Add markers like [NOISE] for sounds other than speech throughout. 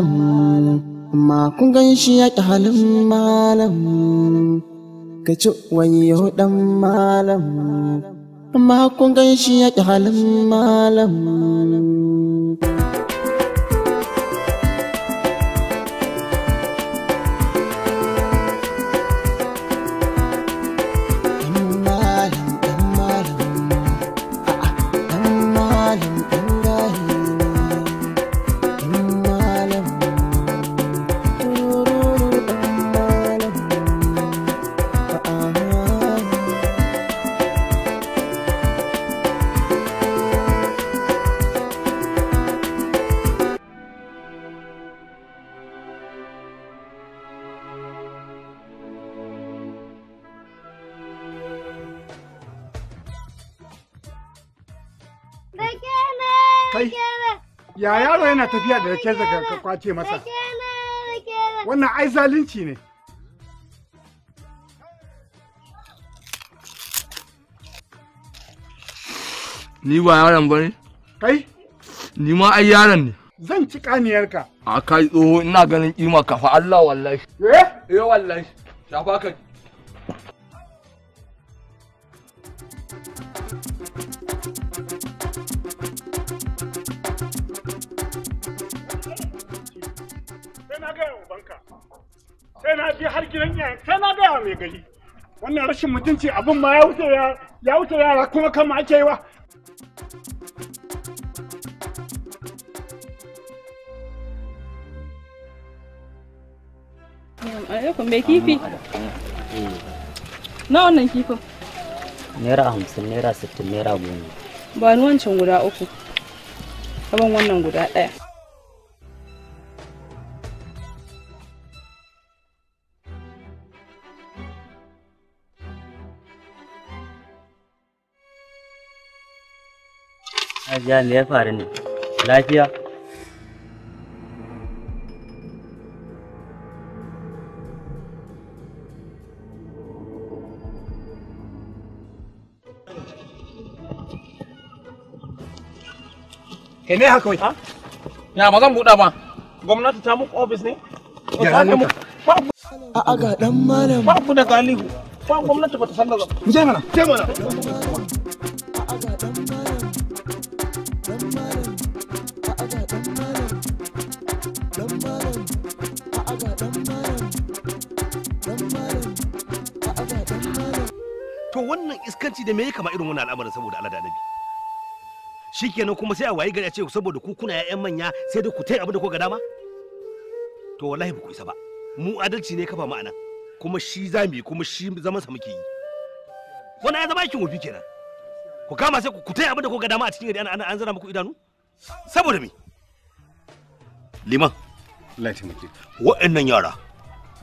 malam amma kun ya ƙi halin malam ka ci wayo ɗan malam amma kun gan ya ƙi halin malam Kai, ya yaro yana tafiya da rake daga ka kwace masa. Wannan ai zalunci ne. Ni ba yaron ba ne? Kai? Ni ma ai yaron ne. Zan ci kaniyarka. A kai tsoho ina ganin kima kafa Allah wallahi. Eh? Eh wallahi. Shafa ka sai na je har gidan iyayen sai na gaya mai gari wannan rashin mutunci abin ma ya wuce ya wuce yara kuma kama ake yi wa alaikum bai kifi na wannan kifin naira hamsin naira sittin naira goma ba ni wancan guda uku kaban wannan guda ɗaya Hajiya me ya faru ne? Lafiya? Kai me haka wai? Ya ma zan buɗa ba. Gwamnati ta muku ofis ne? Ya ne A'a dan malam. Ba ku da galihu. Ba gwamnati ba ta san da zan. Je mana, je mana. kasance da me kama irin wannan al'amari saboda Allah da Annabi shikenan kuma sai a wayi gari a ce saboda ku kuna ya'yan manya sai da ku tai abin da ku ga dama to wallahi ba ku isa ba mu adalci ne kafa ma'ana kuma shi za mu yi kuma shi zaman sa muke yi wannan ya zama kin wofi kenan ku kama sai ku tai abin da ku ga dama a cikin gari an an zana muku idanu saboda me liman Allah ya wa'annan yara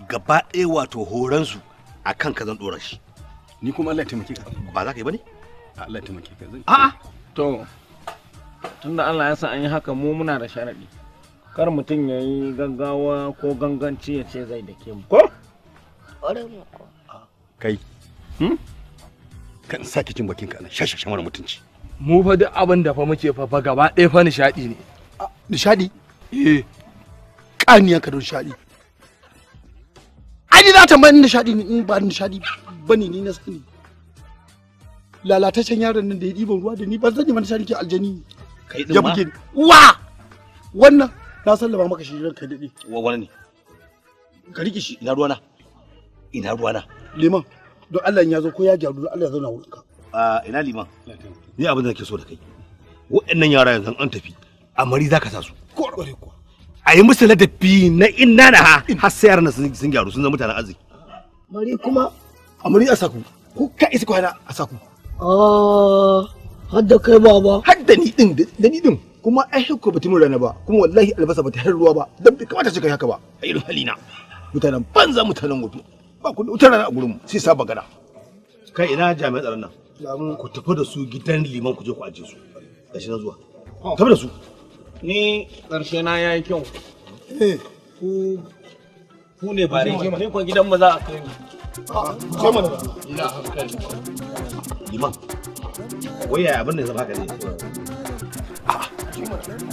gaba ɗaya wato horansu a kan ka zan ɗora shi ni kuma Allah ya taimake ka ba za ka yi bane Allah ya taimake ka zan a'a to tunda Allah ya san an yi haka mu muna da sharadi kar mutum ya yi gaggawa ko ganganci ya ce zai dake mu ko kai hmm? kan sake cin bakin ka ana shashashan wani mutunci mu fa duk abin da fa muke fa gaba ɗaya fa nishaɗi ne nishadi eh ƙaniya ka don nishadi ai za ta mai nishadi in ba nishaɗi. ba bane ni na sani lalataccen yaron nan da ya ɗiban ruwa da ni ban sani mana shariki aljani kai din ma wa wannan na sallama maka shi ka dade wa wani ne ka rike shi ina ruwana ina ruwana liman don Allah ya zo ko ya gyaru don Allah ya zauna wurinka a ina liman ni abin da nake so da kai wa'annan yara yanzu an tafi amari za ka sa su a yi musu ladabi na inna na ha har sai yaran sun gyaru sun zama mutanen arziki mari kuma amuri a saku ko ka isa yana a saku ah hadda kai baba hadda ni din da ni din kuma ai hukku bata mun rana ba kuma wallahi albasa bata har ruwa ba dan bai kamata shi kai haka ba a irin halina mutanen banza mutanen gobe ba ku wutar rana a gurin mu sai saba gada kai ina jami'an tsaron nan ku tafi da su gidan liman ku je ku aje su shi na zuwa tafi da su ni karshe na yayi kyau eh. ku ku ne bare ni ko gidan mu a kai ni ce ah, mu ina hankali liman wai ah, ya abin ne zama ka ne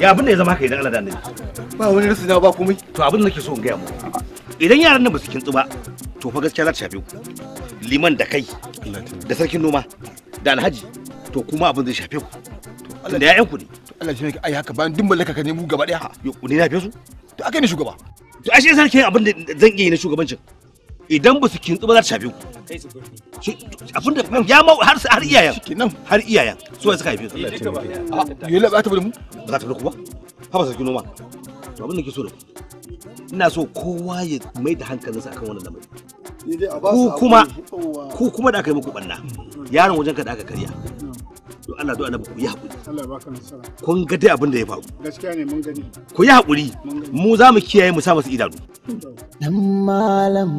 ya abin ne zama ka idan Allah da annabi ba wani rasu ba komai to abin da nake so in gaya mu idan yaran nan ba su kintsu ba to fa gaskiya za ta shafe ku liman da kai da sarkin noma da alhaji to kuma abin zai shafe ku da 'ya'yanku ne Allah shi ne ai haka bayan dun mallaka ka ne mu gaba daya ne na fesu to akai ne shugaba to ashe zan kai abin da zan iya yi na shugabancin idan ba su kintsu ba za ta shafe ku abin da ya ma har har iyayen har iyayen su wai suka haife su yi la ba ta bari mu ba za ta bari ku ba ha ba sarki noma to abin da ke so da ku ina so kowa ya mai da hankalinsa akan wannan lamari ku kuma ku kuma da aka yi muku banna yaron wajen ka da aka karya Allah do annabi ku yi hakuri Allah ya baka nasara kun ga dai abin da ya faru gaskiya ne mun gani ku yi hakuri mu za mu kiyaye mu sa masu idanu dan malam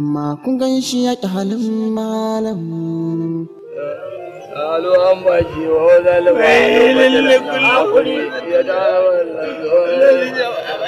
amma kun gan shi ya ki halin malam Alo an ba قالوا أم وجهي وهذا لويل لكل يا دار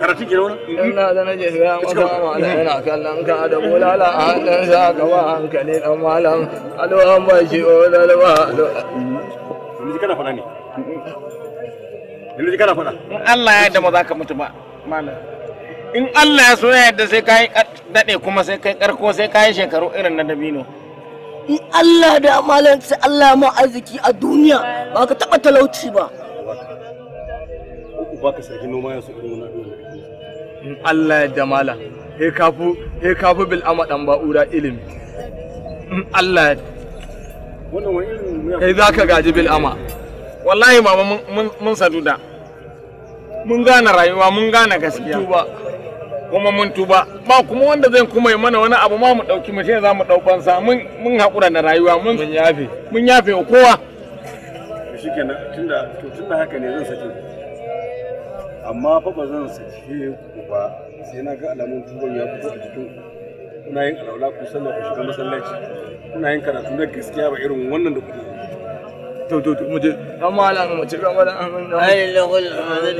karatun ki wani ina da naje ga mama yana kallon ka da bulala a hannun sa ka wa hankali dan malam alwan bashi o oh, dalwa ni kana faɗa ne ni kana faɗa in Allah ya yarda ba za mutu ba malam in Allah ya so ya yarda sai kai dade kuma sai kai karko sai kai shekaru irin na dabino in Allah da malam sai Allah ma arziki a duniya ba ka taba talauci ba ba ka sarki noma ya so irin wannan in Allah ya jamala he kafu he kafu bil amadan ura ilimi in Allah ya wannan wani ilimi kai zaka gaji bil ama wallahi baba mun sadu da mun gane rayuwa mun gane gaskiya tuba kuma mun tuba ba kuma wanda zai kuma yi mana wani abu ma mu dauki mu ce za mu dauban sa mun mun hakura da rayuwa mun mun yafe mun yafe wa kowa shikenan tunda to tunda haka ne zan sake amma fa ba zan sake ku ba sai na ga alamun tuban ya fito a jikin kuna yin alaula ku sallah ku shiga masallaci kuna yin karatu na gaskiya ba irin wannan da kuke to to to muje an mala mu ce ban wala amin ayi lahul amin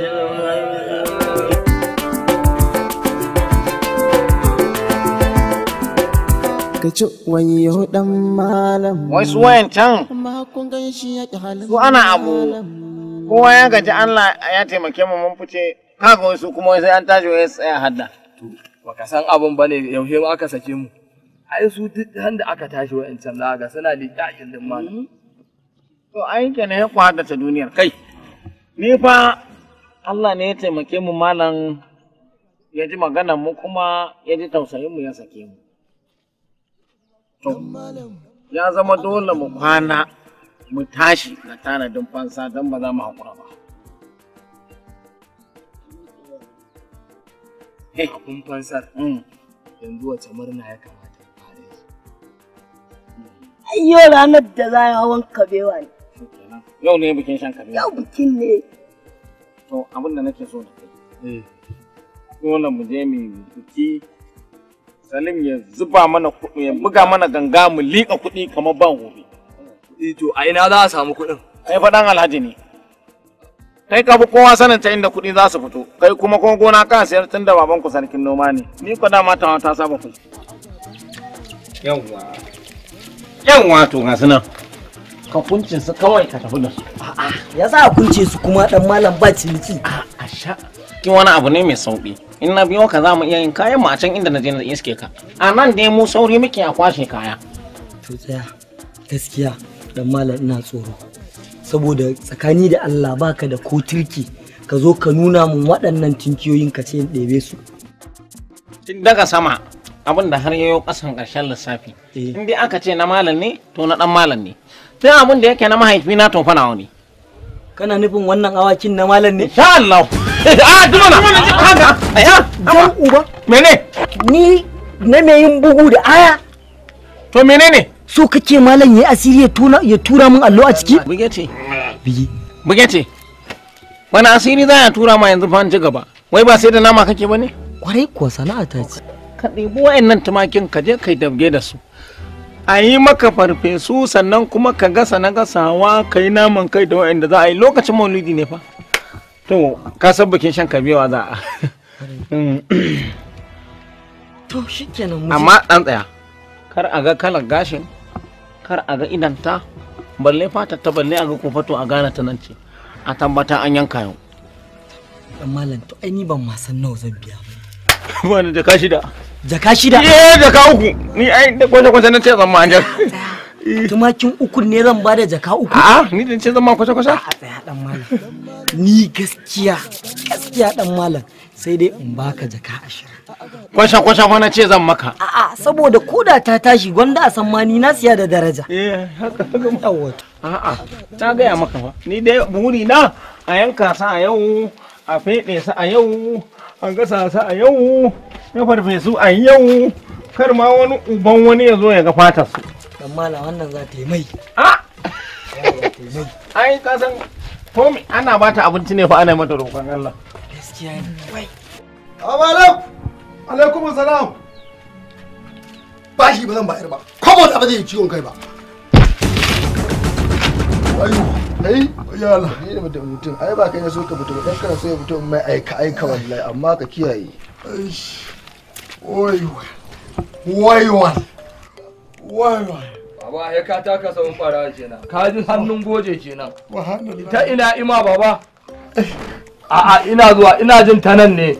ka ci wani dan malam wasu wayan can su ana abu kowa ya gaji Allah ya taimake mu mun fice kaga wasu kuma sai an tashi wai tsaya hadda to ka san abun bane yaushe aka sake mu ai su duk handa aka tashi wa'ancan za ga suna liƙaƙin din ma mm-hmm. to ai kenan ya ta duniyar kai ni fa Allah ne ya taimake mu malam ya ji maganar mu kuma ya ji tausayin mu ya sake mu to ya zama dole mu kwana mu tashi ga tanadin fansa don ba za mu haƙura ba. Abin fansar mm. yanzu wace murna ya kamata a fara yi. Ayyo ranar da za a hawan kabewa ne. Yau ne bikin shan kabewa. Yau bikin ne. To abin da nake so na kai. Eh. Dole mu je mu biki Salim ya zuba mana kuɗi ya buga mana ganga mu liƙa kuɗi kamar ban gobe. Eh, to a ina za a samu kuɗin kai faɗan alhaji ne kai ka kowa sanin ta inda kuɗi za su fito kai kuma kuma gona kan sayar tun da babanku sarkin noma ne ni ko dama ta ta saba kuɗi yawwa yawwa to ga suna. ka kunce su kawai ka tafi da su a'a ya za a kunce su kuma dan malam ba ciniki a'a sha kin wani abu ne mai sauki in na biyo ka za mu iya yin kayan mu a can inda na je na iske ka a nan dai mu sauri muke a kwashe kaya to tsaya gaskiya dan malam ina tsoro saboda tsakani da Allah baka da ko turki ka zo ka nuna mun waɗannan tinkiyoyin ka ce ɗebe su daga sama abin da har yayo ƙasan ƙarshen lissafi eh. in dai aka ce na malam ne to na dan malam ne sai abin da yake na mahaifi na tofa nawa ne kana nufin wannan awakin na malam ne insha Allah eh, a dumana kaga aya dan uba mene ni na me yin bugu da aya to menene so kake malam yayi asiri ya tuna ya tura min allo a ciki buge ce buge wani asiri za a tura ma yanzu fan ci gaba wai ba sai da nama kake ba ne kwarai kuwa sana'a ta ce ka ɗebi wa'annan tumakin ka je kai dabge da su a yi maka farfesu sannan kuma ka gasa na gasawa ka yi naman kai da wa'anda za a yi lokacin maulidi ne fa to ka san bikin shan kabewa za a to shikenan amma dan tsaya kar a ga kalar gashin kar a ga idanta balle fata ta balle a ga kofato a gana ta nan ce a tambata an yanka yau dan malam to ai ni ban ma san nawa zan biya ba da. [LAUGHS] kashi jaka da kashi da eh jaka uku ni ai da kwata kwata nan ce zan ma an [LAUGHS] tumakin uku ne zan ba da jaka uku a ni da ce zan ma kwata kwata a tsaya dan malam ni gaskiya gaskiya dan malam sai dai in baka jaka ashirin kwasha kwasha fa na ce zan maka a'a saboda koda ta tashi gwanda a san ma ni na siya da daraja eh haka haka ma a'a ta gaya maka ba. ni dai buri na a yanka sa a yau a fede sa a yau a gasa sa a yau farfe su a yau kar ma wani uban wani ya zo ya ga fatar su dan mala wannan za ta yi mai a ai ka san ana bata abinci ne fa ana mata roƙon Allah gaskiya ne wai alaikum salam bashi ba zan bayar ba kwabo da ba zai ciwon kai ba ayo ai ya Allah da mutum mutum ai ba kai ne so ka fito ba dan kana so ya fito mai aika aika wallahi amma ka kiyaye oi wai wai wai wai baba ya ka taka sabon fara kenan ka ji hannun goje kenan ta ina ima baba a'a ina zuwa ina jin ta nan ne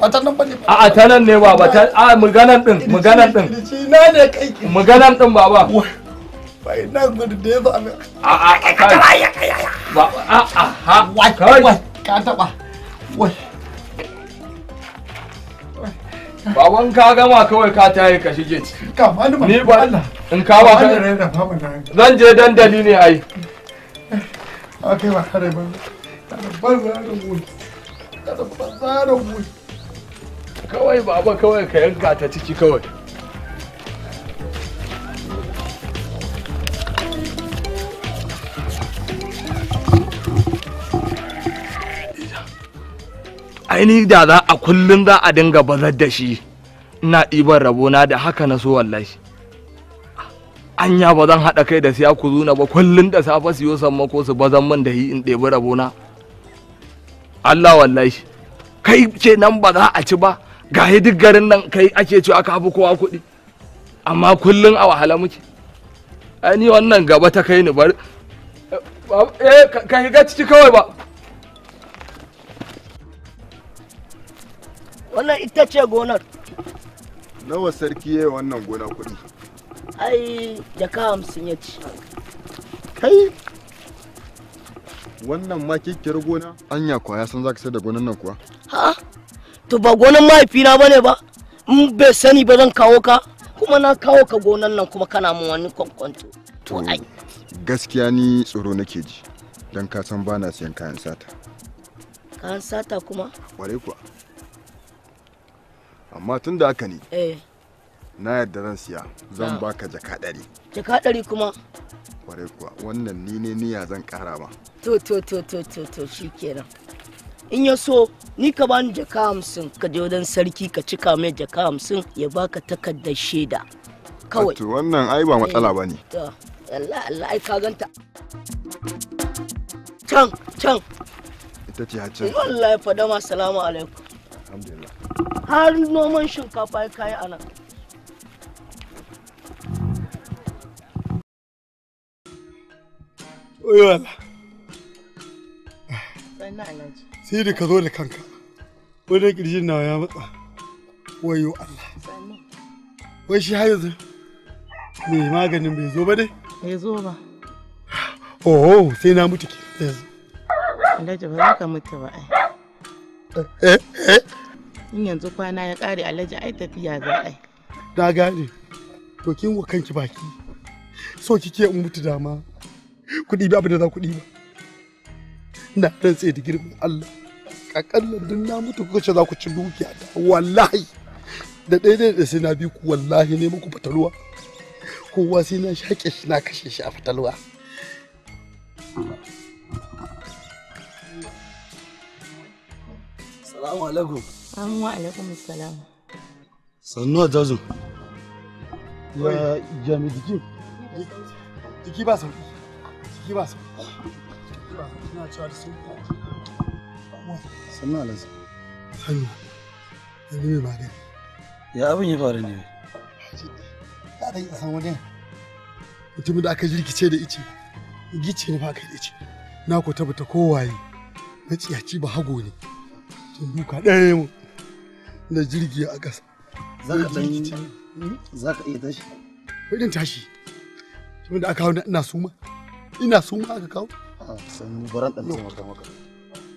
ba ta nan bane a'a ta nan ne baba ta a maganan din maganan din na ne kai maganan din baba ba gudu da ba a a a ka ba a a ha wai ka taba wai ka gama kawai ka tayi ka shige ciki. Ni ba in ka ba Zan je dandali ne ai. ba kare ba. ba ba ba ba ba ba ba ba kawai baba kawai ka yanka ta ciki kawai aini da za a kullum za a dinga bazar da shi ina ɗiban rabona da haka na so wallahi anya ba zan haɗa kai da siya ku zuna ba kullum da safe siyo samma ko su bazan man da yi in ɗebi rabona Allah wallahi kai ce nan ba za a ci ba ga duk garin nan kai ake cewa aka hafi kowa kuɗi amma kullum a wahala muke ni wannan gaba ta kai ni bari eh ka shiga ciki kawai ba wannan ita ce gonar nawa sarki ya wannan gona kuɗi ai jaka hamsin ya ci kai wannan ma kikkiyar gona anya kwaya san za ka sai da gonan nan kuwa ha to ba gonan mahaifina ba ne ba in bai sani ba zan kawo ka kuma na kawo ka gonan nan kuma kana mun wani kwankwanto to ai gaskiya ni tsoro nake ji don ka san ba na siyan kayan sata kayan sata kuma kwarai kuwa amma tun da haka ne eh na yarda zan siya zan ah. baka jaka ɗari jaka ɗari kuma kwarai kuwa wannan ni ne niya zan ƙara ma to to to to to to shikenan in ya so ni ka bani jaka hamsin ka je wajen sarki ka cika mai jaka hamsin ya baka takardar shaida kawai to wannan ai ba matsala eh, ba ne Allah Allah ai ka ganta can can ita ce haccan eh, wallahi fadama assalamu alaikum alhamdulillah har noman shinkafa ya kai anan Oyo Allah. Sannan Alhaji. sai da ka zo da kanka wani kirjin na ya matsa wayo Allah wai shi har mai maganin bai zo ba dai bai zo ba oh sai na mutu ke yanzu alhaji ba za ka mutu ba ai eh, eh, eh. in yanzu kwana ya kare alhaji ai tafiya za ai na gane to kin wa kanki baki so kike in mutu dama kuɗi ba abin da za kuɗi ba na rantse da girman Allah akalla duk na mutu kuka ce za ku ci dukiya ta wallahi da daidai da sai na bi ku wallahi ne muku fatalwa kowa sai na shaƙe shi na kashe shi a fatalwa salamu alaikum salamu alaikum salam sannu a jazun ya jami jiki jiki ba sauki jiki ba sauki jiki cewa da sauki uwa. Sannu Alhaji. Sannu. Yanzu mai Ya abin ya faru ne. dai a san Mutumin da aka jirkice da ice. Gice ne ba kai da ice. Na ko tabbata kowaye. ba hago ne. Tun duka ɗaya mu. Da jirgi a ƙasa. Za ka ɗan hmm? Za ka iya tashi. tashi. da aka hau ina suma. Ina suma aka kawo. Ah, sannu baran ɗan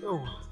Yawwa.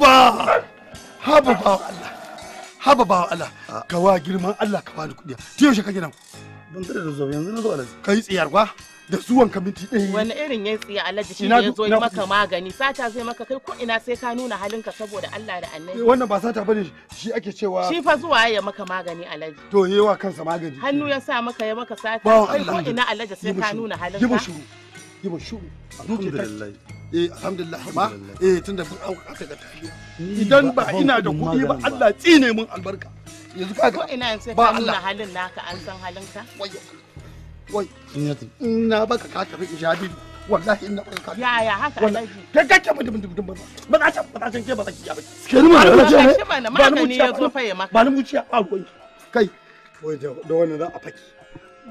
Habba! Haba bawa Allah. Haba bawa Allah. Ka wa girman Allah ka bani kuɗi. Ti yaushe ka gina? Ban da zo yanzu na zo alaji. Kai tsiyar kwa? Da zuwan ka minti ɗaya. Wani irin ya tsiya alaji shi ne ya zo maka magani. Sata zai maka kai ko ina sai ka nuna halinka saboda Allah da annabi. Eh, wannan ba sata bane shi ake cewa. Shi fa zuwa ya maka magani alaji. To yewa kansa magani. Hannu ya sa maka ya maka sata. Ko ina alaji sai ka nuna halinka. Yi shuru. Yi shuru. Alhamdulillah. eh alhamdulillah ma eh tunda bin auka aka ga tafiya idan ba ina da kuɗi ba Allah tsine mun albarka yanzu kaga ko ina yanzu ba halin naka an san halin ka wai ina baka ka tafi ishabi wallahi ina baka ka ya ya haka alaji ka ga ka mutum ba ba za ta ba za ke ba ba ke ni ma ba ce ba ni muciya ya zo faye maka ba ni muciya a kai wai da wannan za a faki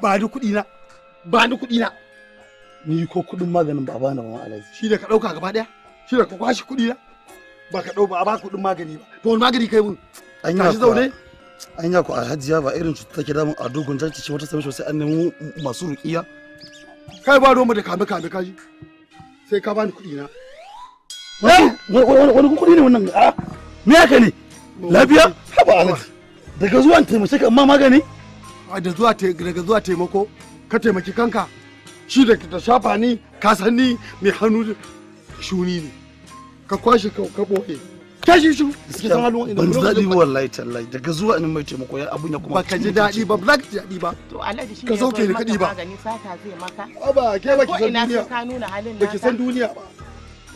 ba ni kuɗi na ba ni kuɗi na ni ko kuɗin maganin ba bani ba alaji shi da ka ɗauka gaba daya shi da ka kwashi kudi na ba ka dau ba a ba kuɗin magani ba to wani magani kai mun an yi zaune an yi ku alhajiya ba irin cuta take damun a dogon jarki ce wata sami sosai an nemi masu ruƙiya kai ba ruwan da kame kame kaji sai ka bani kudi na wani kuɗi ne wannan a ah, me yake ne lafiya haba alaji daga zuwa taimako amma magani daga zuwa taimako ka taimaki kanka shi da ta shafa ni ka san ni mai hannu shuni ne ka kwashe ka ɓoye tashi shi suke san halin wa'in ban daɗi ba wallahi tallahi daga zuwa in mai taimako ya abun ya kuma ba ka ji daɗi ba ba ka ji daɗi ba to alhaji shi ka sauke ni kaɗi ba ba ke ba ki san duniya ba ki san duniya ba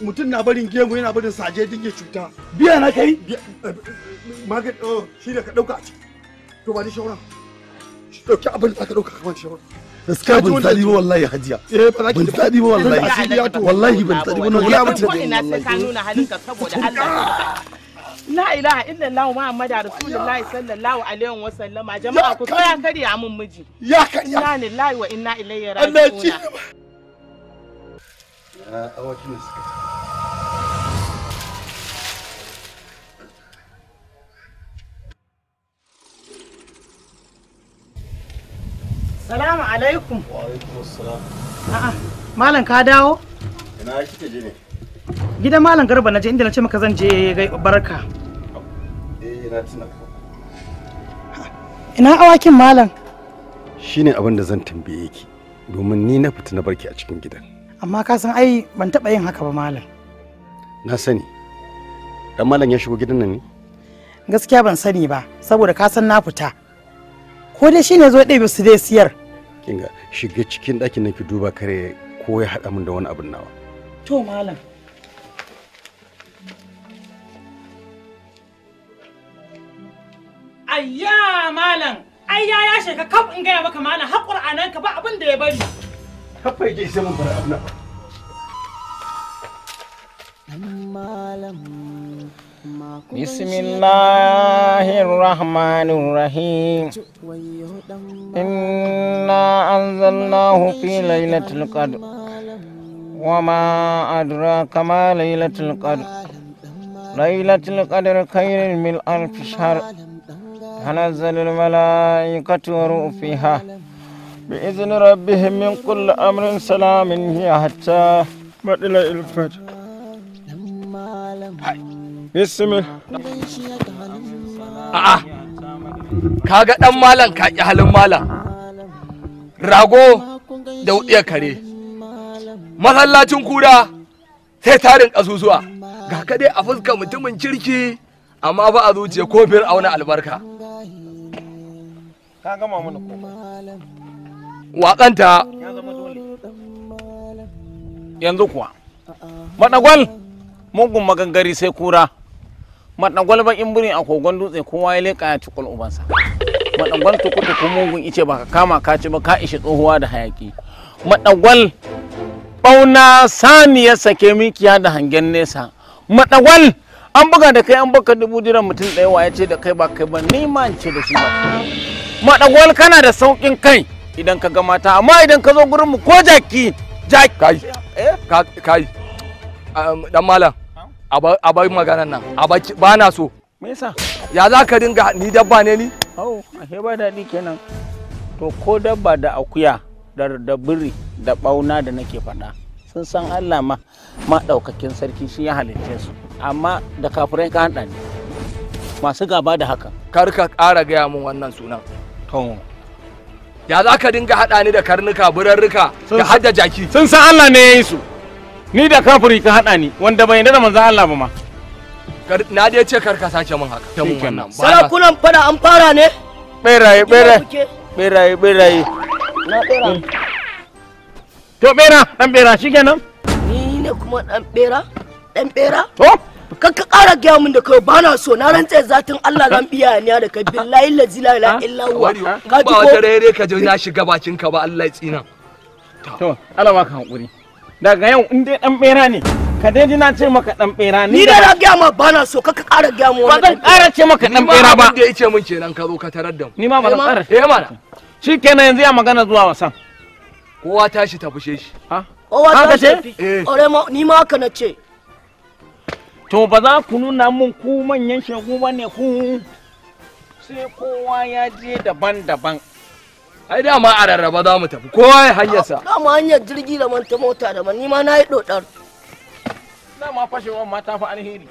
mutum na barin gemu yana barin saje dinge cuta biya na kai eh, eh, magani oh, shi da ka ɗauka a ciki to ba ni shawara ɗauki abin da ka ɗauka kamar shawara gaskiya ban tsadi ba wallahi hajiya ban tsadi ba wallahi wallahi ban tsadi ba na ga mutum ba ina sai ka ba la ilaha illallah muhammad rasulullahi sallallahu alaihi wa sallama jama'a ku tsaya karya mun miji ya karya wa inna raji'un Allah ya suka Salamu alaikum. Wa alaikum assalam. A'a, malam ka dawo? Ina kike je ne? Gidan malam Garba na je inda na ce maka zan je gai barka. Eh, na tuna. Ina awakin malam? Shine abin da zan tambaye ki domin ni na fita na barki a cikin gidan. Amma ka san ai ban taba yin haka ba malam. Na sani. Dan malam ya shigo gidan nan ne? Gaskiya ban sani ba saboda ka san na fita. ko dai shine zo ɗebe su dai siyar kinga shiga cikin ɗakin nan ki duba kare ko ya haɗa min da wani abin nawa to malam ayya malam ayya ya shiga kaf in gaya maka malam har qur'anan ka ba abin da ya bari kafai ji sai mun fara abin malam بسم الله الرحمن الرحيم إنا أنزلناه في ليلة القدر وما أدراك ما ليلة القدر ليلة القدر خير من ألف شهر تنزل الملائكة وروح فيها بإذن ربهم من كل أمر سلام هي حتى بدل الفجر Hi. bismil a'a kaga dan malam ka ki halin malam rago da wudiyar kare masallacin kura sai tarin ƙasusuwa ga ka dai a fuska mutumin kirki amma ba a zuciya ko auna albarka ka gama mana waƙanta yanzu kuwa madagwal mugun magangari sai kura maɗagwal bakin birin a kogon dutse kowa ya leƙa ya ci tukul ubansa maɗagwal kuma mugun ice ba ka kama ka ci ba ka ishe tsohuwa da hayaƙi maɗagwal ɓauna saniya sake mikiya da hangen nesa maɗagwal an buga da kai an baka dubu jiran mutum ɗaya wa ya ce da kai ba kai ba ni ma ce da shi ba maɗagwal kana da sauƙin kai idan ka ga mata amma idan ka zo gurin mu ko jaki jaki kai eh? kai dan malam a bai maganan nan a ba na so me yasa ya za ka dinga ni dabba ne ni a ashe ba daɗi kenan to ko dabba da akuya da da biri da bauna da nake faɗa sun san Allah ma ma ɗaukakin sarki shi ya halicce su amma da kafirai ka hada ne masu gaba da haka kar ka ƙara gaya min wannan sunan to ya za ka dinga haɗa ni da karnuka birarruka da hadda jaki sun san Allah ne ya yi su ni da kafiri ka haɗa ni wanda bai da manzan Allah ba ma na dai ce kar ka sace min haka ta mun wannan sarakunan fada an fara ne beraye beraye beraye beraye na bera mm. to bera dan bera shi shikenan ni ne kuma dan bera dan bera to kan ka ƙara gaya min da kai bana so na rantse zatin Allah zan biya ni da kai billahi la ilaha illa huwa ka ji ko ba wata rere ka je na shiga bakin ka ba Allah ya tsina to Allah ma ka hankuri daga yau in dai dan bera ne ka dai ji na ce maka dan bera ni da na ga ma bana so ka ƙara ga mu ba zan ƙara ce maka dan bera ba da yace mun kenan ka zo ka tarar da mu ni ma ba zan eh, ƙara eh mana shikenan yanzu ya magana zuwa wasan kowa tashi ta fushe shi ha kowa tashi eh ore ma ni ma ka na ce to ba za ku nuna mun ku manyan shegu ba ne ku sai kowa ya je daban-daban ai dama a rarraba za mu tafi kowa ya hanyarsa mu hanyar jirgi da man ta mota da ni nima na yi dodar dama fashe ma mata fi alheri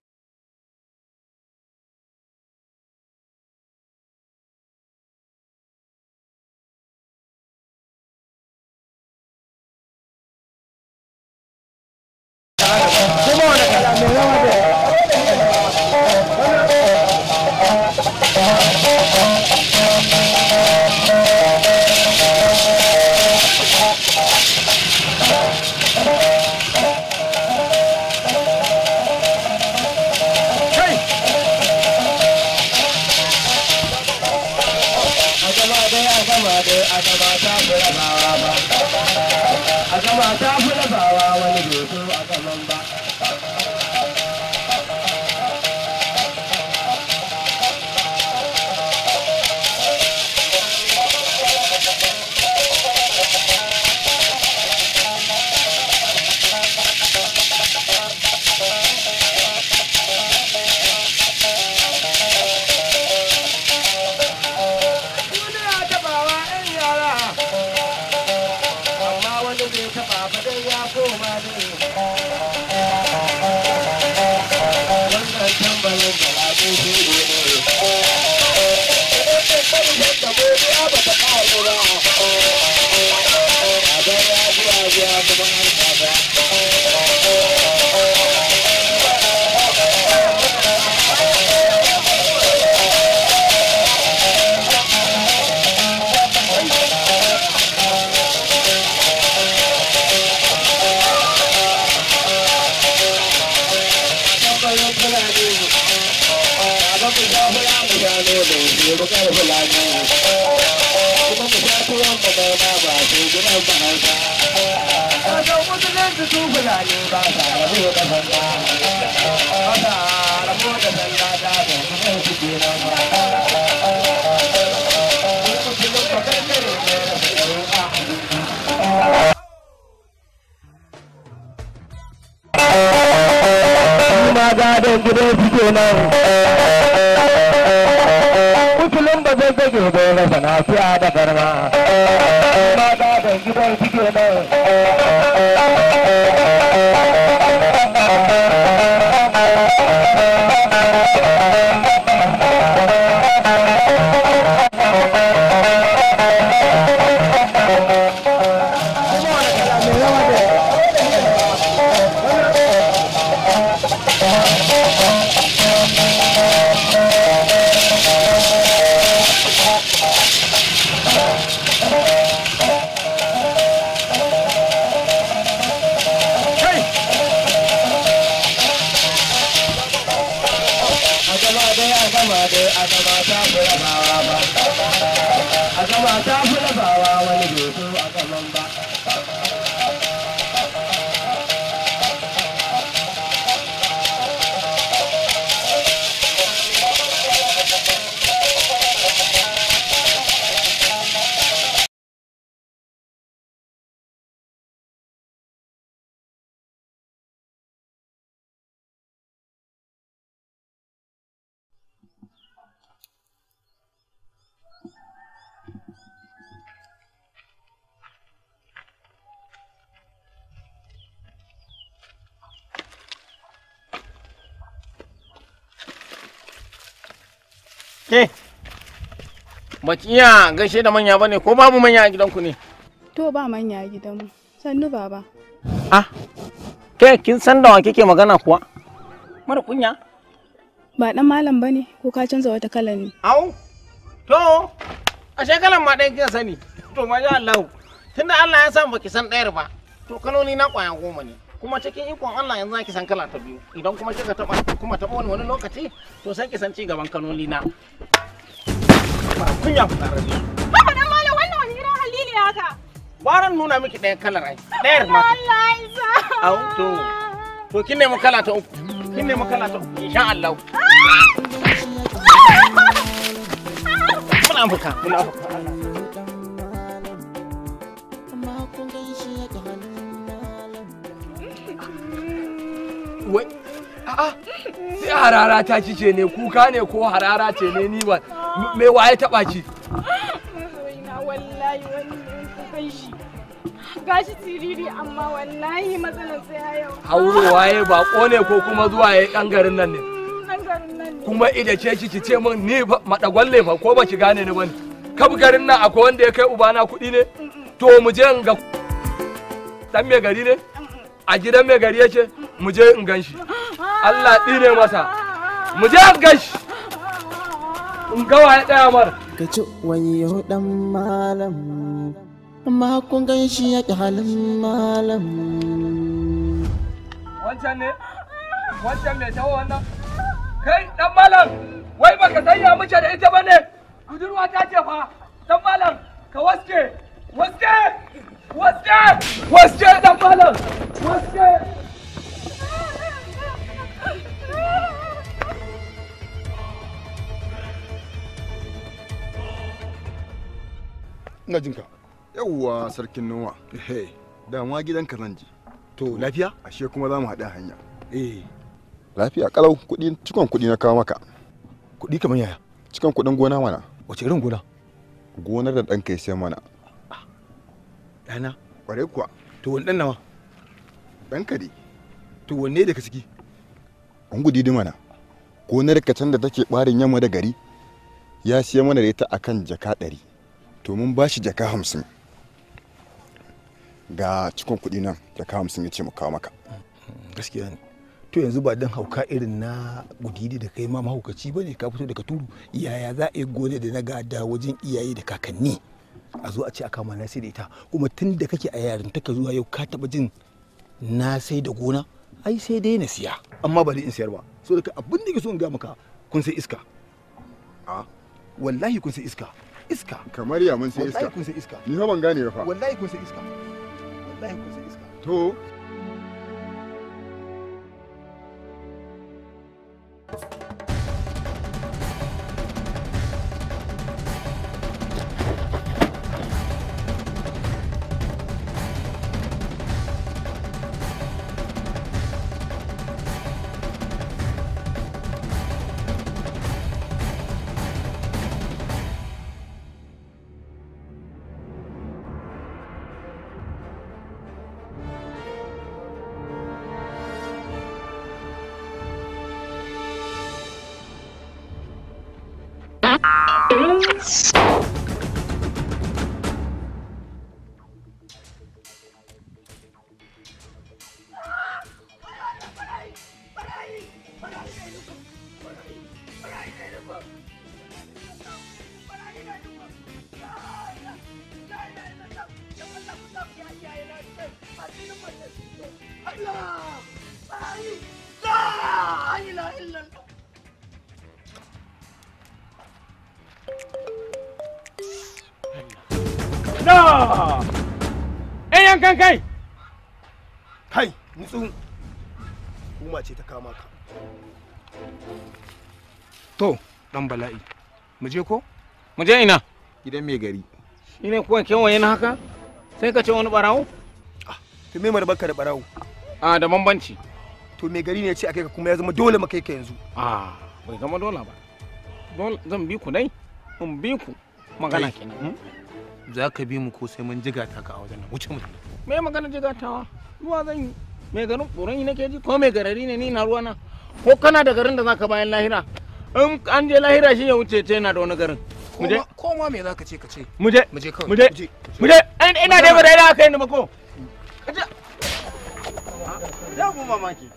su su fulani ba sa rabo da sanda ba sa rabo da ba baki iya gaishe da manya bane ko babu manya a gidanku ne to ba manya a gidanmu sannu baba ah kai kin san da wa kike magana kuwa mara kunya ba dan malam bane ko ka canza wata kala ne au to a shekalan ma dai kika sani to ma ya Allah tunda Allah ya san baki san dayar ba to kaloli na kwaya goma ne kuma cikin ikon Allah yanzu zaki san kala ta biyu idan kuma kika taba kuma taba wani lokaci to sai ki san ci gaban kanoni na kunya ku ƙara su. Baba dan mala wannan wani irin hali haka? Waran nuna miki ɗayan kalar ai. Ɗayar ma. Allah isa. Au to. To kin nemi kala ta uku. Kin nemi kala ta uku insha Allah. Muna fuka, fuka Wai, a'a, sai harara ta ci ce ne, kuka ne ko harara ce ne ni ba. me wa ya taba ki na wallahi wannan wani shi gashi tiriri amma wallahi matsalar sai yau hauro waye ba kone ko kuma zuwa ya dan garin nan ne dan mm, garin nan ne kuma ida ce ki ce min ni ba madagwalle ba ko ba ki gane ni bane kab garin nan akwai wanda ya kai ubana kudi ne mm, mm. to mu je ga dan me gari ne a gidan me gari yake mu je in ganshi [GASPS] Allah dine masa mu je in ganshi in gawa ya tsaya mar ka ci wayo dan malam amma kun ganshi ya ki halin malam wancan ne wancan mai tawo wannan kai malam wai baka sanya mace da ita bane budurwa ta ce fa malam ka waske waske waske waske malam waske ina jinka yawwa sarkin noma ehe dama gidanka zan je to lafiya ashe kuma za mu haɗa hanya eh lafiya kalau kuɗi cikon kuɗi na kawo maka kuɗi kamar yaya cikon kuɗin gona mana wace irin gona gonar da ɗanka ya sai mana ɗana ƙwarai kuwa to wani ɗan nawa ɗanka ne to wanne da ka ciki an gudi mana gonar ka can da take ɓarin yamma da gari ya siya mana da ita akan jaka ɗari to mun ba shi jaka hamsin ga cikin kuɗi nan jaka hamsin ya ce mu kawo maka gaskiya ne to yanzu ba dan hauka irin na gudidi da kai ma mahaukaci bane ka fito daga turu yaya za a yi gone da na gada wajen iyaye da kakanni a zo a ce a mana na sai da ita kuma tun da kake a ka zuwa yau ka taba jin na sai da gona ai sai dai na siya amma ba ni in siyar ba so daga abin da ke so in ga maka kun sai iska a wallahi kun sai iska iska kamar ya mun sai iska kun sai iska ni fa ban gane ba wallahi kun sai iska wallahi kun sai iska to thank you Yes! bala'i mu je ko mu je ina gidan mai gari ne kuwa kewaye na haka sai ka ce wani barawo ah, to me mara baka da barawo a da bambanci to mai gari ne ce akai ka kuma ya zama dole mu kai ka yanzu a bai zama dole ba dole zan bi ku dai in bi ku magana kenan hmm? za ka bi mu ko sai mun ta ka a wajen wuce mu me magana jigatawa ruwa zan yi mai garin tsoron yi nake ji ko mai garari ne ni na ruwa na ko kana da garin da zaka bayan lahira in an je lahira shi ya wuce ce yana da wani garin muje koma me zaka ce ka ce muje muje kawai muje muje ina da bare da kai ni mako ya mu mamaki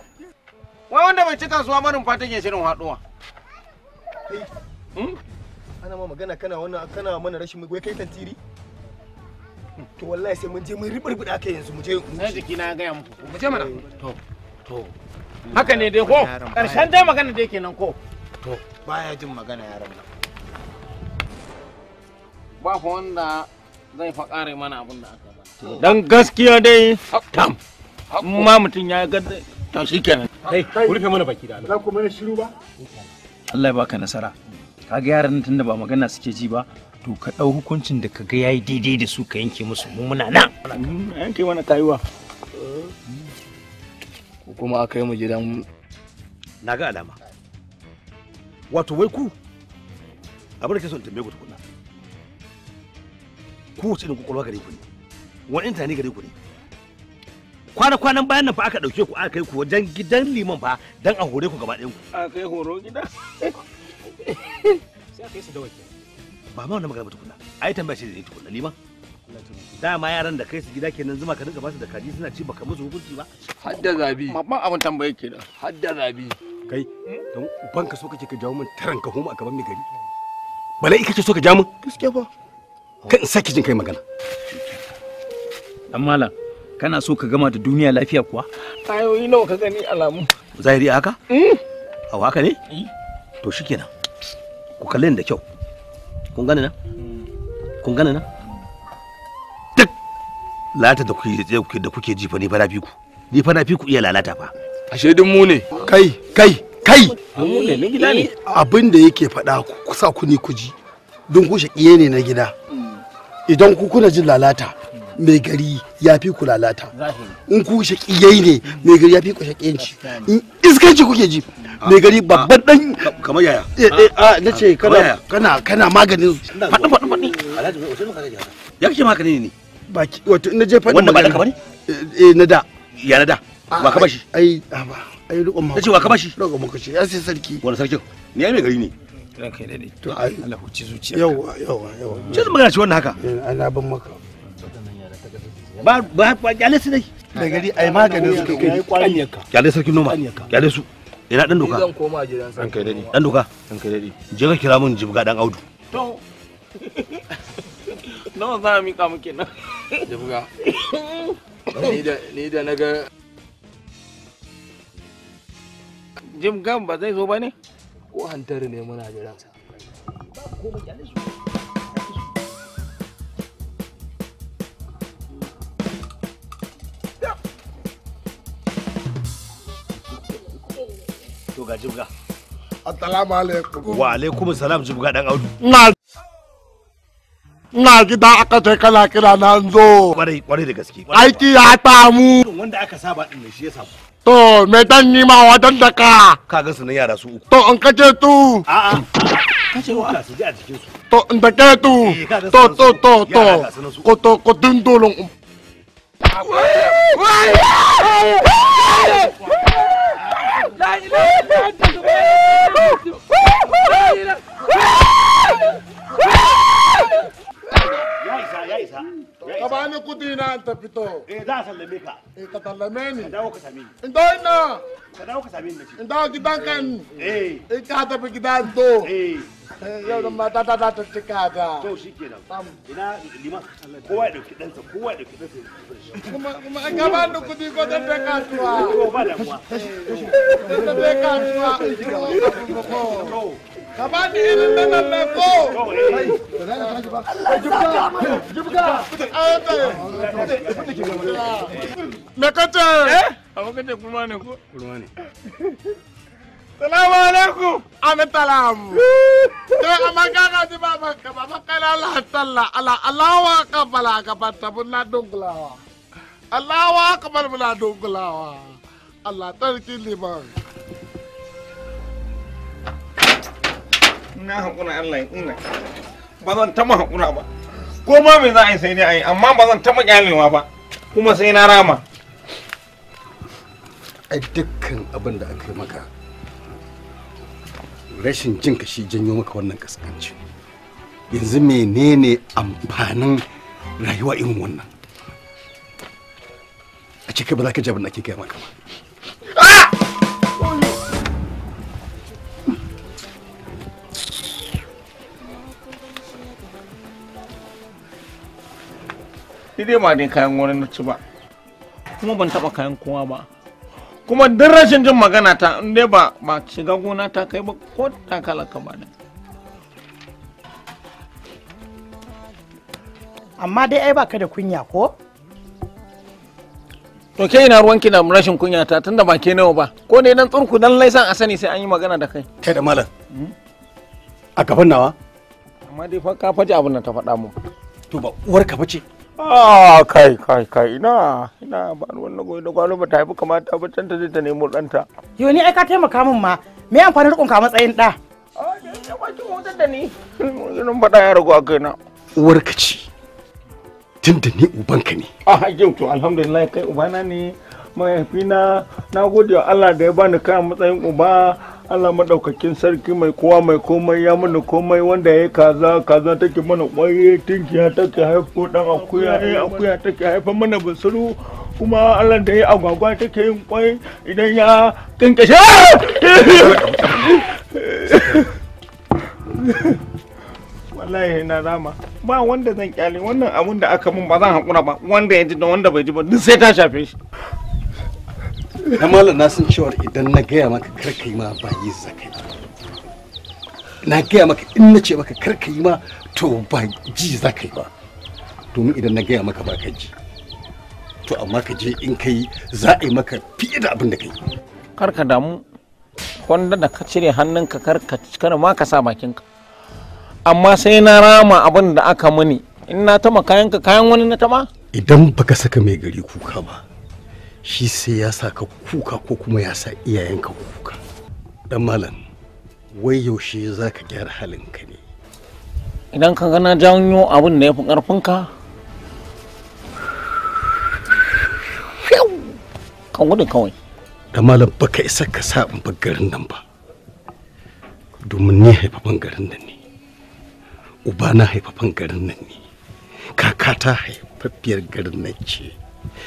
wai wanda bai cika suwa marin fatan ya shirin haduwa hmm? ana ma magana kana wannan kana mana rashin wai kai tantiri to wallahi sai mun je mun ribarbuda kai yanzu muje mu je jiki na ga muku muje eh. mana to to haka ne dai ko karshen dai magana dai kenan ko to baya jin magana yaran nan ba ku wanda zai fa kare mana abin da aka bana dan gaskiya dai tam ma mutum ya ga to kenan. kai ku rufe mana baki da Allah za ku mana shiru ba Allah ya baka nasara kaga yaran tunda ba magana suke ji ba to ka ɗau hukuncin da ka ga yayi daidai da su ka yanke musu mu muna nan mm, yanke mana kayuwa ko kuma aka yi mu gidan na ga alama wato wai ku abin da ke son tambaye ku tukuna ku wace ku kwalwa gare ku ne wani ne gare ku ne kwana-kwanan bayan nan fa aka ɗauke ku aka kai ku wajen gidan liman fa Dan a hore ku gaba ɗayan ku. A kai horo gida? [LAUGHS] Sai aka yi su da Ba ma wannan magana ba tukuna. Ai tambaya ce da ni tukuna liman. ma yaran da kai su gida kenan zuma ka dinka su da kaji suna ci baka musu hukunci ba hadda zabi mamman abin tambaye kenan hadda zabi kai don ka so kake ka jawo min taran ka homa a gaban mai gari balai kake so ka ja min gaskiya ba kan saki jin kai magana dan malam kana so ka gama da duniya lafiya kuwa ayoyi nawa ka gani alamu zahiri haka a haka hmm. ne eh. to shikenan ku kalle da kyau kun gane na kun gane na lalata da kuke da kuke jifa ni fa na fi ku ni fa na ku iya lalata fa ashe din mu ne kai kai kai mu ne na gida ne eh, abin da yake faɗa ku sa ku ni ku ji don ku shaƙiye ne na gida idan ku kuna jin lalata mai gari ya fi ku lalata in ku shaƙiyai ne mai gari ya fi ku shaƙiyanci in iskanci kuke ji mai gari babban dan ah, ah, kamar yaya eh, eh ah, ah nace kana kana kana maganin faɗi faɗi faɗi ya kake maganin ne baki wato na je faɗin ba eh, eh na da ya na da ba ka bashi ai ba ai rukun ma nace ba ka bashi rukun ya sai sarki wani sarki ne ai mai gari ne ranka ya dade to Allah huci zuciya yawa yawa yawa ce magana ce wannan haka eh, ana ban maka ba ba ba kyale su dai da gari ai maganin su kai kyale noma kyale su ina dan doka zan koma gidan sa ya dade dan doka je ka kira mun jibga dan audu to [LAUGHS] nawa za a mika muke nan da [COUGHS] ni da jim gam ba zai zo ba ne ko hantar ne muna jiransa to ga jibga assalamu alaikum wa alaikum salam jibga dan audu ina gida aka ce kana kira na zo kwarai kwarai da gaske aiki ya mu wanda aka saba din shi ya samu to me dan ni ma dan da ka kaga su yara su to in ka tu a ka ce wa su ji a jikin su to in da tu to to to to ko to ko din dolon ka ni kudi na an tafi to eh za a sallame ka eh ka sallame ni ka ina ka ni eh tafi gidan to eh, eh yau da mata ta ta cika to ina ko ba da Eh, eh, ka ba ni irin na nan na ko me ka ce abu ka ce kurma ne ko kurma ne salamu alaikum amitalam to amma ka ka ji ba maka ba maka lala talla ala alawa ka bala ka batta bunna dungulawa alawa ka bala bunna dungulawa Allah tarki liman na haƙura Allah ya ina ba zan taɓa haƙura ba ko ma me za a yi sai dai a yi amma ba zan taɓa ƙyalewa ba kuma sai na rama ai dukkan abin da aka yi maka rashin jin ka shi janyo maka wannan kaskanci yanzu menene amfanin rayuwa irin wannan a cikin ba za ka ji abin da ake kai maka ba ah! ni dai ma din kayan gona na ci ba kuma ban taba kayan kowa ba kuma duk rashin jin magana ta in dai ba ba shiga gona ta kai ba ko ta ka ba amma dai ai baka da kunya ko to ke ina ki na rashin kunya ta tunda ba ke nawa ba ko ne dan tsurku dan laisan a sani sai an yi magana da kai kai da malam hmm? a kafin nawa amma dai fa ka faɗi abin da ta faɗa mu to ba uwar ka ce. Ah, kai kai kai ina ina ba wannan goyi da gwalo bata haifi kamata ba tanta zai ta nemo ɗanta. Yo ni ai ka taimaka min ma me amfanin rikon ka matsayin ɗa. Ah, ya baki motar da ni. Irin faɗa ya ragu a kaina. Uwarka ce. tun da ni ubanka ne. A ah, yau to alhamdulillah kai ubana ne mahaifina na gode wa Allah da ya bani kayan matsayin uba Allah madaukakin sarki mai kowa mai komai ya mana komai wanda ya kaza kaza take mana kwaye tinkiya take haifo dan akuya ne eh, akuya take haifa mana busuru kuma Allah da ya agwagwa take yin kwai idan ya kinkashe wallahi na rama ba wanda zan kyale wannan abun da aka mun ba zan hakura ba wanda ya ji da wanda bai ji ba duk sai ta shafe shi na nasin na san cewar idan na gaya maka karka yi ma ba yi zakai ba na gaya maka in na ce maka karka yi ma to ba ji zakai ba domin idan na gaya maka ba ka ji to amma ka je in ka yi za a yi maka fiye da abin da ka yi karka damu kwanda da ka cire hannunka karka kar ma ka sa bakinka amma sai na rama abin da aka muni in na tama kayanka kayan wani na tama idan baka saka mai gari kuka ba shi sai ya sa ka kuka ko kuma ya sa iyayenka kuka dan malam wai yaushe za ka gyara halinka ne idan ka gana janyo abin da ya fi ƙarfinka ka gudu kawai dan malam baka isa ka sa in garin nan ba domin ni haifafan garin nan ne na haifafan garin nan ne kakata haifafiyar garin nan ce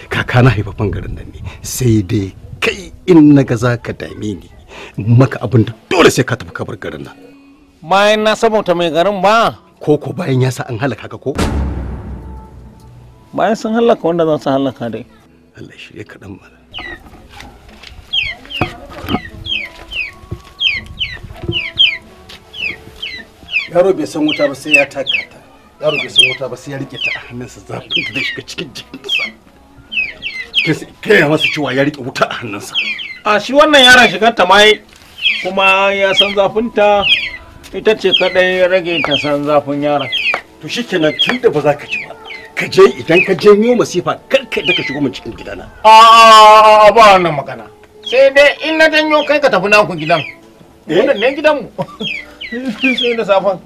kaka na haifa garin nan ne sai dai kai in na ga za ka dame ni maka abin da dole sai ka tafi kabar garin nan bayan na sabauta mai garin ba ko ko bayan ya sa an halaka ka ko bayan sun halaka wanda zan san halaka dai Allah ya kaɗan mana yaro bai san wuta ba sai ya taka ta yaro bai san wuta ba sai ya rike ta a hannunsa zafin da shiga cikin jikinsa taya masa cewa ya riƙe wuta a hannunsa a shi wannan yaron shigar ta mai kuma ya san zafinta ita ce kadai rage ta san zafin yaran. to shikenan tun da ba za ka ci ba ka je idan ka je masifa kar ka da ka shigo min cikin gidana a a ba wannan magana sai dai in na janyo kai ka tafi naku gidan eh? wannan ne gidanmu [LAUGHS] sai da safan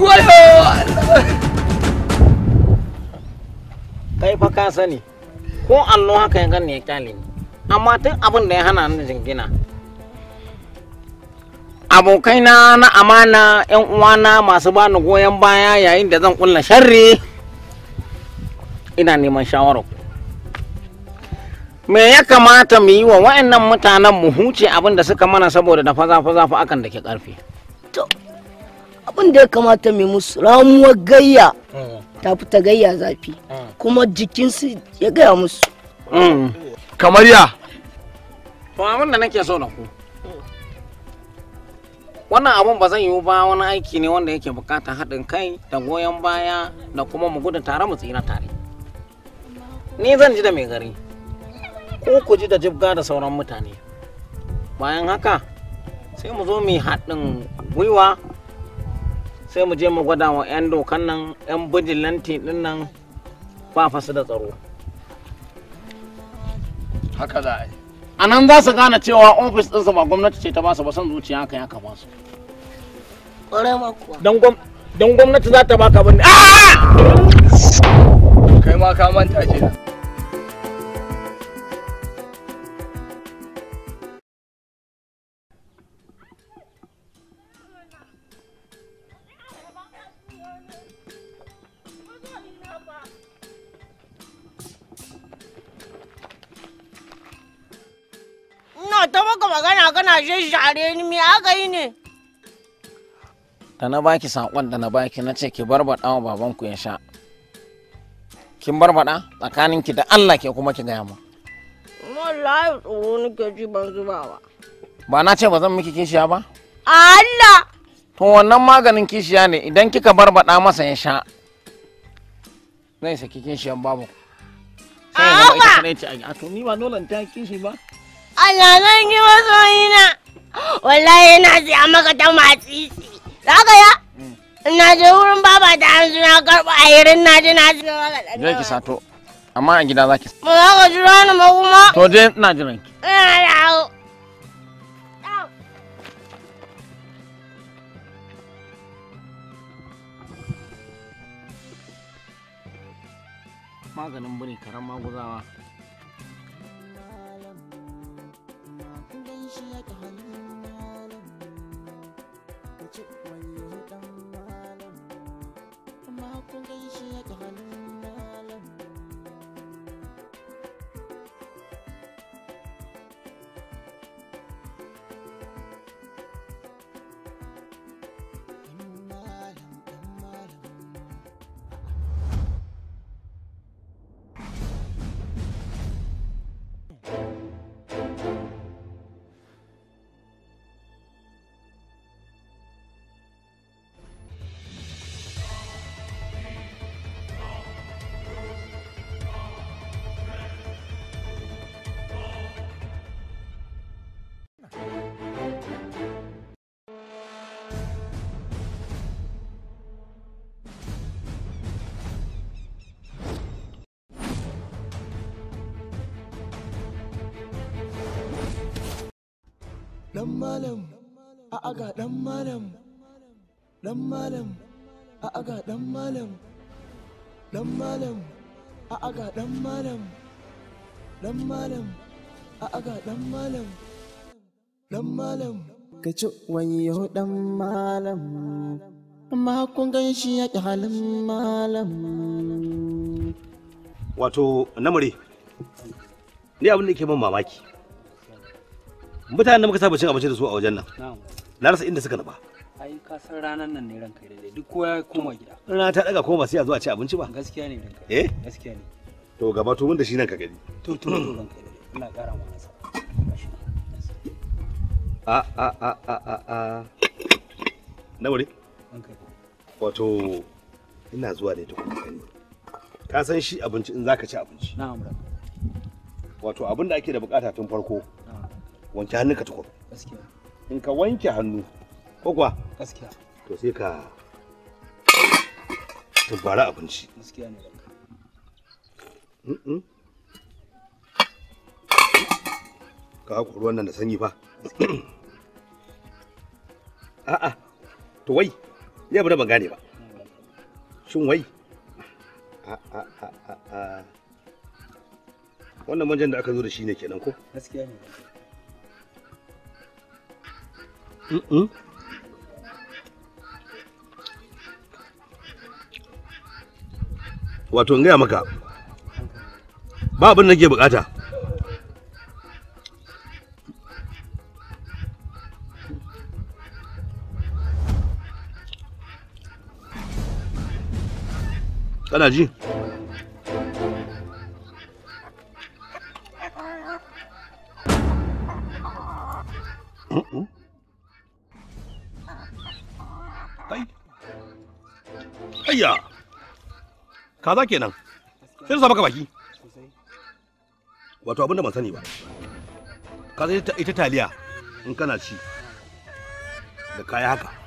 wayo kai fa ka sani ko allo haka ya ganni ya kyale ni amma tun abin da ya hana ni jingina abokaina na amana yan uwana masu bani goyon baya yayin da zan kulla sharri ina neman shawara me ya kamata mu yi wa wa'annan mutanen mu huce abin da suka mana saboda da faza faza fa akan da ke karfi abin da ya kamata mai musu ramuwar gayya mm. ta fi ta gayya zafi mm. kuma jikinsu ya gaya musu mm. kamar ya to abin da nake so na ku wannan abun ba zai yiwu ba wani aiki ne wanda yake bukata haɗin kai da goyon baya da kuma mu gudun tare mu tsira tare ni zan ji da mai gari ko ku ji da jibga da sauran mutane bayan haka sai mu zo mu haɗin gwiwa sai mu je mu gwada wa 'yan dokan nan 'yan bijilanti din nan ba fasu da tsaro haka za a yi a nan za su gane cewa ofis ɗinsa ba gwamnati ce ta basu ba son zuciya haka ya kama su don gwamnati za ta baka bin kai ma ka manta kenan magana kana a ni me aka yi ne da na baki sakon da na baki na ce ki barbada wa babanku ya sha kin barbada tsakanin ki da Allah ke kuma ki gaya mu wallahi tsoro ke ji ban zuba ba ba na ce ba zan miki kishiya ba Allah to wannan maganin kishiya ne idan kika barbada masa ya sha zai saki kishiyan babu sai ya zama ita kadai ce a to ni ba dole ta kishi ba Allah zan yi masoyina. Wallahi na siya maka ta matsisi. Za ka ya? Mm. Ina je wurin baba ta an suna karɓa a yirin na ji na suna maka ɗan. Zai ki sato. Amma a gida za ki. sato. Ba za ka jira ni ba kuma. To je ina jiran ki. Ina da hau. maganin bane karan maguzawa appreciate dan malam a aga dan malam dan malam a aga dan malam dan malam a aga dan malam dan malam a aga dan malam dan malam ka ci wayo dan malam amma kun gan shi ya halin malam wato namure ni abin da ke ban mamaki mutanen da muka saba cin abinci da su a wajen nan na rasa inda suka naba. ai ka san ranar nan ne ranka dai duk kowa ya koma gida rana ta daga koma sai a zo a ci abinci ba gaskiya ne ranka eh gaskiya ne to gaba to mun da shi nan ka gani to to ranka daidai ina kara ma nasa a a a a a a na wuri wato ina zuwa ne tukun gani ka san shi abinci in zaka ci abinci na'am ranka wato abin da ake da bukata tun farko wanke hannu ka tukur gaskiya in ka wanke hannu ko kuwa gaskiya to sai ka tubbara abinci gaskiya ne ka haku ruwan nan da sanyi fa a'a to wai ya bude ban gane ba shin wai wannan manjan da aka zo da shi ne kenan ko gaskiya ne uh, uh. wato in gaya maka ba abin nake bukata kana ji ayya kaza kenan sai ta maka baki wato abinda ban sani ba kaza ita taliya in kana ci da kaya haka